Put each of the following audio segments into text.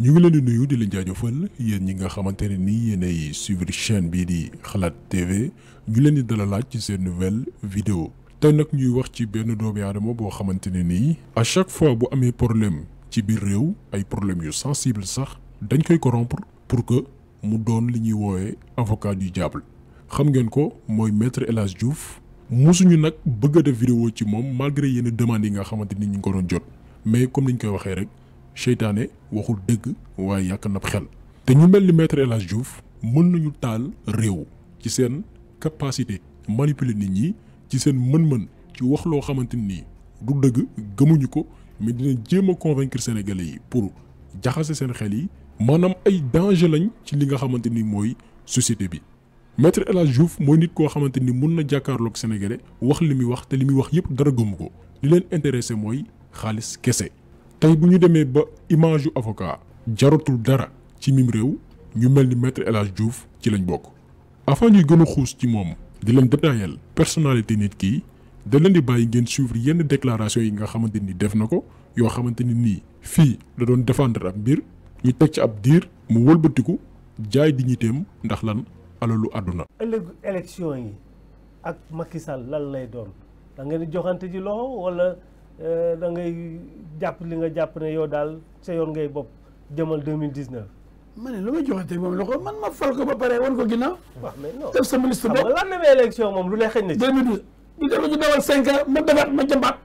ñu ngi leen di nuyu di leen jaajëfal yéen ñi nga xamante ne nii yéenay suivre chaîne bii di xalaat TV ñu leen di dalalaaj ci seen nouvelle vidéo tey nag ñuy wax ci benn doomi aadama boo xamante ne nii à chaque fois bu amee problème ci biir réew ay problème yu sensible sax dañ koy corrompre pour que mu doon li ñuy woowee avocat yu diable xam ngeen ko mooy maître El jouf Diouf mosuñu nag bëgg a def vidéo ci moom malgré yenn demande yi nga xamante ni ñu ko doon jot mais comme niñ koy waxee rek. seytaane waxul dëgg waaye yàq nab xel te ñu mel ni maître El Hadj mën nañu taal réew ci seen capacité manipuler nit ñi ci seen mën-mën ci wax loo xamante ni du dëgg gëmuñu ko mais dina jéem a convaincre sénégalais yi pour jaxase seen xel yi maanaam ay danger lañ ci li nga xamante ni mooy société bi. maître El Hadj mooy nit koo xamante ni mun na jàkkaarloog sénégalais wax li muy wax te li muy wax yëpp dara gëmu ko li leen intéressé mooy xaalis kese. tey bu ñu demee ba image yu avocat jaratul dara ci mim réew ñu mel ni maître El Hadj ci lañ bokk. avant ñuy gën a xuus ci moom di leen détaillé personnalité nit kii da leen di bàyyi ngeen suivre yenn déclaration yi nga xamante ni def na ko yoo xamante ni nii fii da doon défendre ab mbir ñu teg ci ab diir mu wëlbatiku jaay dignitéem ndax lan alalu àdduna. ëllëgu élection yi ak Macky Sall lan lay doon da ngeen di loxo wala. Eh, da ngay japp li nga japp ne yow dal sa yoon ngay bop jëmal 2019. ma ne lu ma joxante moom la man ma fal ko ba paré won ko ginnaw wax mais non def sa ministre bopp xam nga élection mom lu lay xëñ na ci. 2012 di def ci dawal 5 ans ma defaat ma jëmbat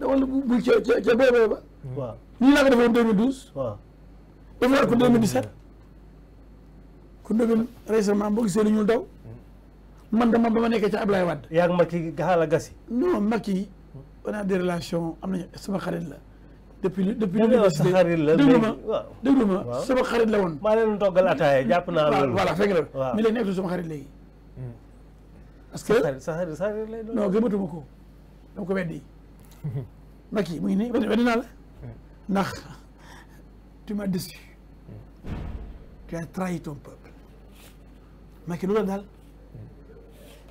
dawal bu bu ci ci bébé ba. waaw ni la ko defee 2012. waaw defal ko 2017. ku ndëgël récemment bu gisé ñu daw. man dama ba ma nekkee ca Ablaye Wade. yaa ngi ga xaaral gasi. non Macky on a des relations am nañu sama xarit la. depuis depuis lu ñu sa xarit la déglu ma déglu ma xarit la woon. maa leen toggal ataaya jàpp naa loolu. voilà fekk la waaw mi léegi nekkatul sama xarit léegi. Hmm. parce que a xarit sa xarit lay doon. non gëmatuma ko dama ko weddi. Macky mu ngi nii weddi naa la. Hmm. ndax tu m'as déçu. Hmm. tu as trahi ton peuple. Macky loolu daal.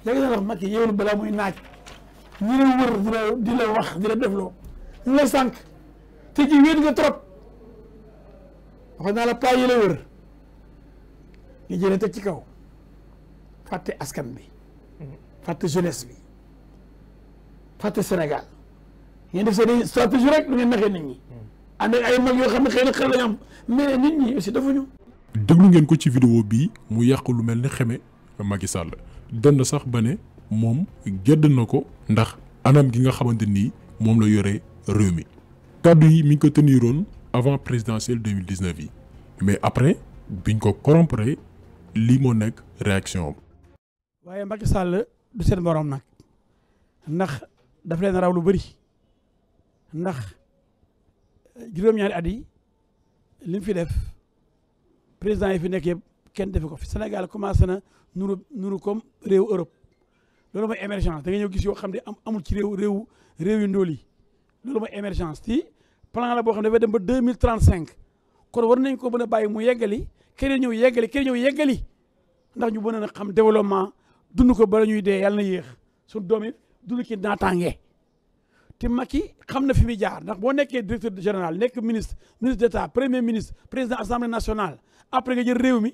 léegi nag wax Macky yeewul balaa muy naaj ñu ne wër wax di la defloo ñu sànq te ci wéet nga trop waxoon naa la paa yi ci kaw fàtte askan bi fàtte jeunesse bi fàtte Sénégal ngeen def seen stratégie rek lu ngeen naxee nit ñi ànd ak mag yoo xam ne xëy na xel lañ am mais nit ñi aussi dafa ñu déglu ngeen ko ci vidéo bii mu yàq lu mel ni xeme Macky Sall dem sax ba ne moom gedd na ko ndax anam gi nga xamante ni moom la yore réew mi kaddu yi mi ngi ko teniroon avant présidentiel 2019 yi mais après biñ ko corrompre li moo nekk réaction am. waaye Macky Sall du seen borom nag ndax daf leen raw lu bëri ndax juróom-ñaari at yi li mu fi def président yi fi nekk yëpp kenn defe ko fi Sénégal commencé na nuru nuru comme réew Europe loolu mooy émergence da ngay ñëw gis yoo xam ne am amul ci réew réew réew yu ndóol yi loolu mooy émergence ci plan la boo xam ne dafay dem ba 2035 mille kon war nañ ko mën a bàyyi mu yeggali keneen ñëw yeggali keneen ñëw yeggali ndax ñu mën na xam développement dund ko bala ñuy dee yàlla na yéex suñu doom yi dund ci naataange te Macky xam na fi muy jaar ndax boo nekkee directeur général nekk ministre ministre d' état premier ministre président assemblée nationale après nga jël réew mi.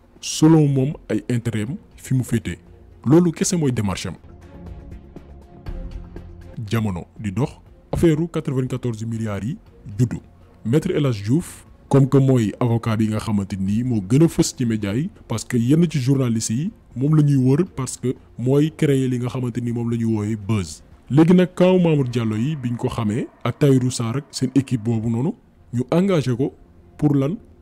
selon moi, ay intérêt fi mu kese moy démarche am jamono di dox affaireu 94 milliards yi maître Elas comme que moi avocat bi nga mo parce que yenn ci journalistes yi wër parce que moy créer li nga buzz. légui quand kaw Mamour Diallo yi biñ ko ak équipe engagé pour lan.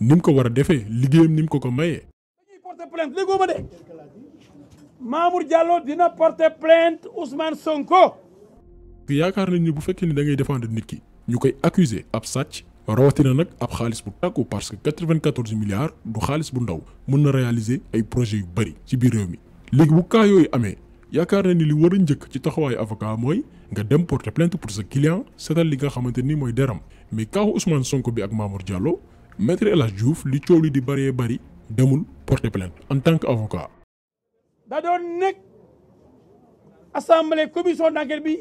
nim ko wara a ligéyam nim ko ko mayé de Mamour Diallo dina porter plainte Ousmane Sonko. yaakaar nañ ni bu ni da ngay défendre ki parce que 94 milliards du xaalis bu ndaw mën na réaliser ay projets yu bari ci biir mi bu li wara a ci taxaway avocat moy nga dem porter plainte pour sa client li nga mais Ousmane Sonko bi ak Mamour maître El Hadj Diouf li ciowli di bari bari demul porter plainte en tant qu'avocat da do nek assemblée commission d'enquête bi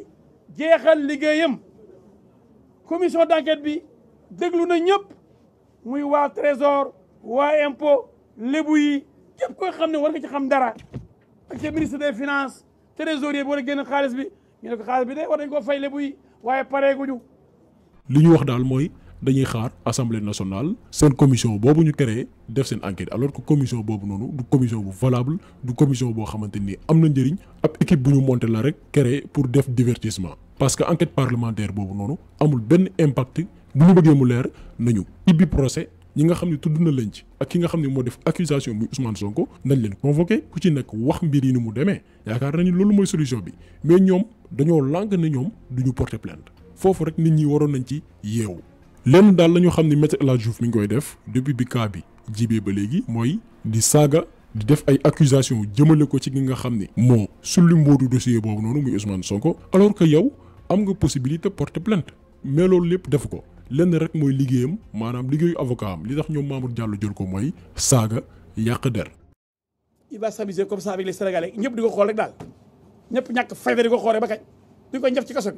jeexal ligéyam commission d'enquête bi déglu na ñëpp muy wa trésor wa impôt lébu yi képp koo xam war nga ci xam dara ak le ministre des finances trésorier bi war a génn xaalis bi ñu ne ko xaalis bi dé war nañ ko fay lébu yi paré guñu li ñu wax dal moy dañuy xaar assemblée nationale seen commission boobu ñu créé def seen enquête alors que commission boobu noonu du commission bu valable du commission boo xamante ni am na njëriñ ab équipe bu ñu monté la rek créé pour def divertissement parce que enquête parlementaire boobu noonu amul benn impact bu ñu bëggee mu leer nañu ibbi procès ñi nga xam ne tudd na leen ci ak ki nga xam ne moo def accusation muy Ousmane Sonko nañ leen convoqué ku ci nekk wax mbir yi mu demee yaakaar nañu loolu mooy solution bi mais ñoom dañoo lànk ne ñoom du ñu porter plainte foofu rek nit ñi waroon nañ ci yeewu. lenn daal la ñu xam ne Maître El Hadji Diouf mi ngi koy def depuis bi cas bi jibee ba léegi mooy di saaga di def ay accusations jëmale ko ci gi nga xam ne moo sulli mboodu dossier boobu noonu muy Ousmane Sonko alors que yow am nga possibilité porter plainte mais loolu lépp def ko lenn rek mooy liggéeyam maanaam liggéeyu avocat am li tax ñoom Mamour Diallo jël ko mooy saaga yàq der. il va s'amuser comme ça avec les Sénégalais ñëpp di ko xool rek daal ñëpp ñàkk fayda di ko xoolee ba kañ di ko ci kaso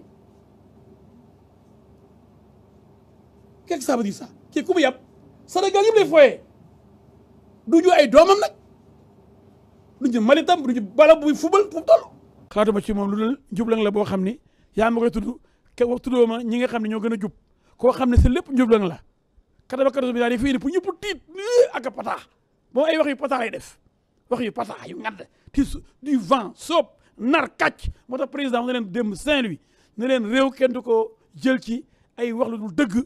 qu'est-ce que ça veut dire ça kii ku lay fooyee du ñu ay doomam nag du ñu malitam du ñu bala buy fubal fu mu toll. xalaatuma ci moom lu dul njublang la boo xam ni yaa ma koy tudd ke wax tuddoo ma ñi nga xam ne ñoo gën a jub koo xam ne si lépp njublang la. 94 milliards yi fii nii pour ñëpp tiit ak pata moom ay wax yu pata lay def wax yu pata yu ngadd ti du vent soob nar kàcc moo tax président mu ne leen dem Saint-Louis ne leen réew kenn du ko jël ci ay wax lu dul dëgg.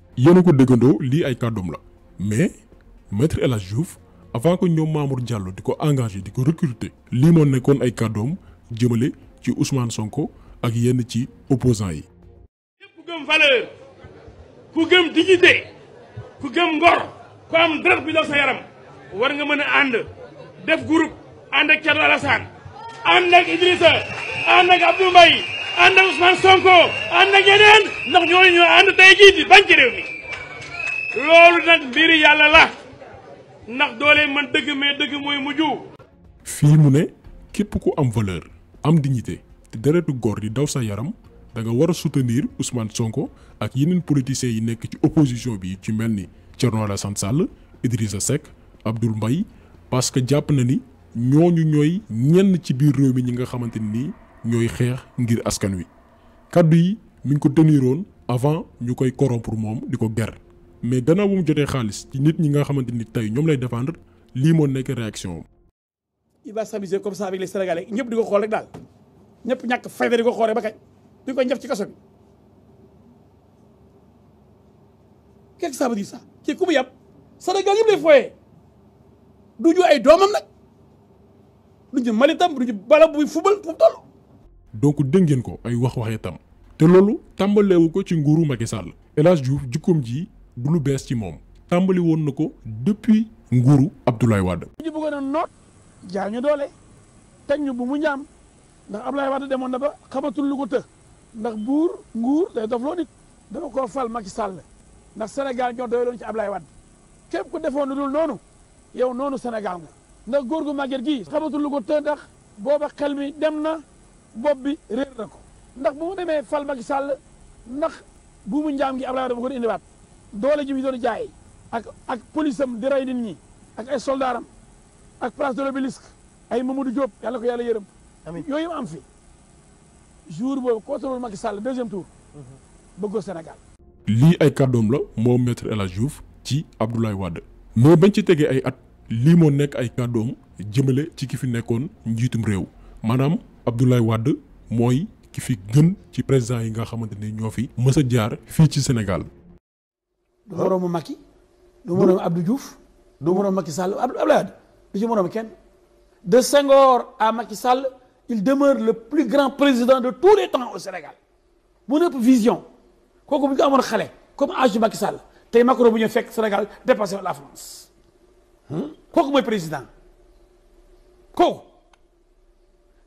yéen a li ay kàddoom la mais maître El Hadj Diouf avant que ñom Mamour Diallo diko engager diko di ko recruter. lii moo nekkoon ay kàddoom jëmele ci Ousmane Sonko ak yenn ci opposants yi. ku gëm valeur ku gëm dignité ku gëm ngor ku am deret bi do sa yaram war nga mëna and def groupe and ak Thierno Alassane and ak Idrissa and ak Abdou Mbaye Anda Usman Ousmane Sonko jadian ak yeneen ndax ñooñu ñoo ànd di bañ ci réew mi loolu nag mbiri yàlla la ndax doole man dëgg mais dëgg mu ne ku am valeur am dignité te deretu góor di daw sa yaram da nga war a soutenir Ousmane Sonko ak yeneen politiciens yi nekk ci opposition bi ci ni Thierno Alassane Sall Idrissa Seck Abdoul Mbaye parce que jàpp na ni ñooñu ñooy ñenn mi ñi nga ñooy xeex ngir askan wi kaddu yi mi ngi ko teniroon avant ñu koy corrompre moom di ko ger mais gannaaw bu mu jotee xaalis ci nit ñi nga xamante ni tey ñoom lay défendre lii moo nekk réaction il va s'amuser comme ça avec les sénégalais ñëpp di ko xool rek daal ñëpp ñàkk fayda di ko ba kañ di ko ci kaso bi qu'est-ce que ça veut dire ça ki ku mu sénégal yëpp lay foyee du ay doomam nag du malitam du ñu bala buy fubal fu donc dégg ngeen ko ay wax waxee tam te loolu tàmbaleewu ko ci nguuru Macky Sall El Hadj Diouf jikkoom ji du lu bees ci moom tàmbali woon na ko depuis nguuru Abdoulaye Wade. ñu bëggoon a noot jaay ñu doole tañ ñu bu mu ñaam ndax Abdoulaye Wade demoon na ba xamatul lu ko të ndax buur nguur day dof loo nit dafa koo fal Macky sàll ndax Sénégal ñoo doyloon ci Abdoulaye Wade képp ku defoon lu dul noonu yow noonu Sénégal nga ndax góor gu màgget gi xamatul lu ko t ndax booba xel mi dem na. bopp bi réer na ko ndax bu mu demee fal Macky sàll ndax bu mu njaam gi Abdoulaye Wade bu ko indiwaat doole ji bi doon jaay ak ak police am di rey nit ñi ak ay soldaram ak place de l'Obélisque ay Mamadou Diop yàlla ko yàlla yërëm yooyu am fi jour boobu contrôle Macky Sall deuxième tour bëggoo Sénégal lii ay kàddoom la moo maître El Hadj Diouf ci Abdoulaye Wade mais bañ ci tegee ay at lii moo nekk ay kàddoom jëmale ci ki fi nekkoon njiitum réew maanaam Abdoulaye Wade moy ki fi gën ci président yi nga xamante ni ñoo fi mës jaar ci Sénégal. do moroomu Macky do moroomu Abdou Diouf do moroomu Macky Sall Abdoulaye Wade du ci moroomu kenn de Senghor à Macky Sall il demeure le plus grand président de tous les temps au Sénégal bu nëpp vision kooku bu ko comme âge Macky Sall tay Macron bu ñu fekk Sénégal dépasser la France hmm? kooku moy président kooku.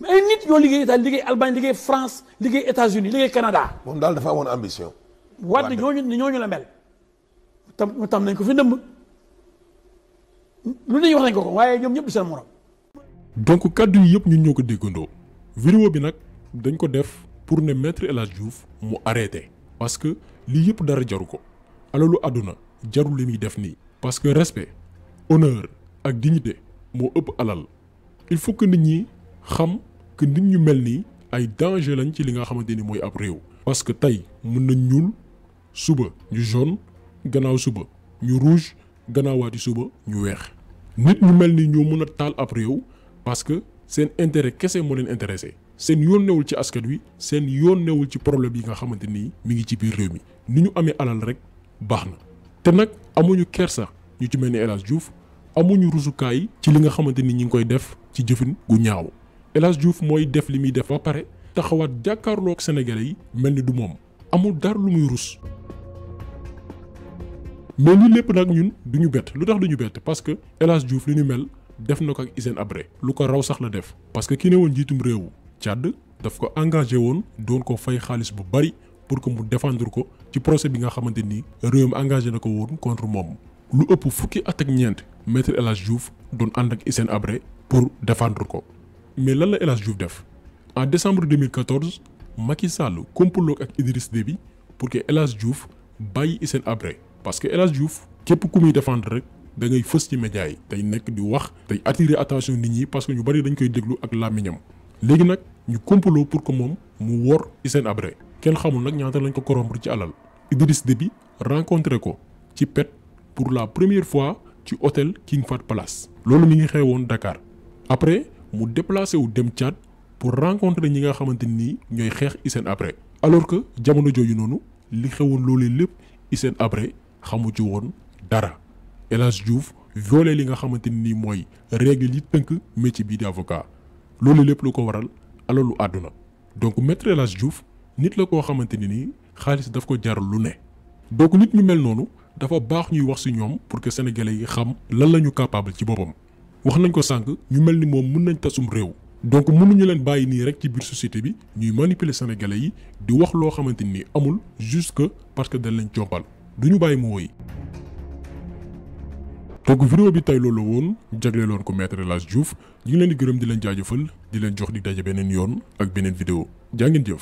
mais ay nit ñoo liggéey Italie liggéey Allemagne liggéey France liggéey États-Unis liggéey Canada. moom dal dafa amoon ambition. wad ñooñu ñooñu la mel. tam tam nañ ko fi ndëmb. lu ne wax nañ ko ko waaye ñoom ñëpp du seen morom. donc kàddu yi yëpp ñun ñoko degundo déggandoo. vidéo bi nak dañ ko def pour ne maître El Hadj Diouf mu arrêté. parce que li yëpp dara jaru ko. alalu aduna jarul limi def ni parce que respect honneur ak dignité mo ëpp alal il faut que nit ñi. xam que nit ñu mel nii ay danger lañ ci li nga xamante ni mooy ab réew. parce que tey mën nañ ñuul suba ñu jaune gannaaw suba ñu rouge gannaawaati suba ñu weex nit ñu mel ni ñoo mën a taal ab réew parce que seen intérêt kese moo leen intéressé. seen yoon newul ci askan wi seen yoon newul ci problème yi nga xamante ni mi ngi ci biir réew mi ni ñu amee alal rek baax na te nag amuñu kersa ñu ci mel ni El Hadj amuñu rusukaay ci li nga xamante ni ñi ngi koy def ci jëfin gu ñaaw. El Hadj mooy def li muy def ba pare taxawaat jàkkaarloog sénégalais yi mel ni du moom amul dar lu muy rus. mais li lépp nag ñun du ñu bett lu tax du ñu bett parce que El Hadj li ñu mel def na ko ak Hissène Habré lu ko raw sax la def parce que ki ne woon njiitum réewu Tchad daf ko engagé woon doon ko fay xaalis bu bari pour que mu défendre ko ci procès bi nga xamante ni réewam engagé na ko woon contre moom. lu ëpp fukki at ak ñeent maître El Hadj Diouf doon ànd ak Hissène Habré pour défendre ko. mais lan la El Diouf def en décembre 2014 Macky Sall complot ak Idriss Déby pour que El Diouf bàyyi Hissène Habré parce que El Diouf képp ku muy défendre rek da ngay fës ci média yi tey nekk di wax tay attirer attention nit ñi parce que ñu bari dañ koy déglu ak lamiñam légui nak ñu complot pour que mom mu wor Hissène Habré ken xamul nak ñaata lañ ko corrompre ci alal Idriss Déby rencontré ko ci PET pour la première fois ci hôtel King Fahd Palace lolu mi ngi xewon Dakar après mu déplacé dem pour rencontrer ñi nga xamante ni ñooy xeex après. alors que jamono jooju noonu li xewoon loolee lépp Hissène Habré xamu dara El Diouf violé li nga ni mooy règle métier bii di avocat loolu lépp lu ko waral alalu àdduna donc maître Elas Diouf nit la koo ni xaalis daf ko jar lu donc nit ñu mel noonu dafa baax ñuy wax si pour que sénégalais yi xam lan la capable ci wax nañ ko sànq ñu mel ni moom nañ donc mënuñu leen rek ci biir société bi ñuy manipuler sénégalais yi di wax ni amul jusque parce que dañ leen Nous duñu bàyyi mu donc vidéo bi tey loolu woon jagleeloon ko maître ñu leen di gërëm di leen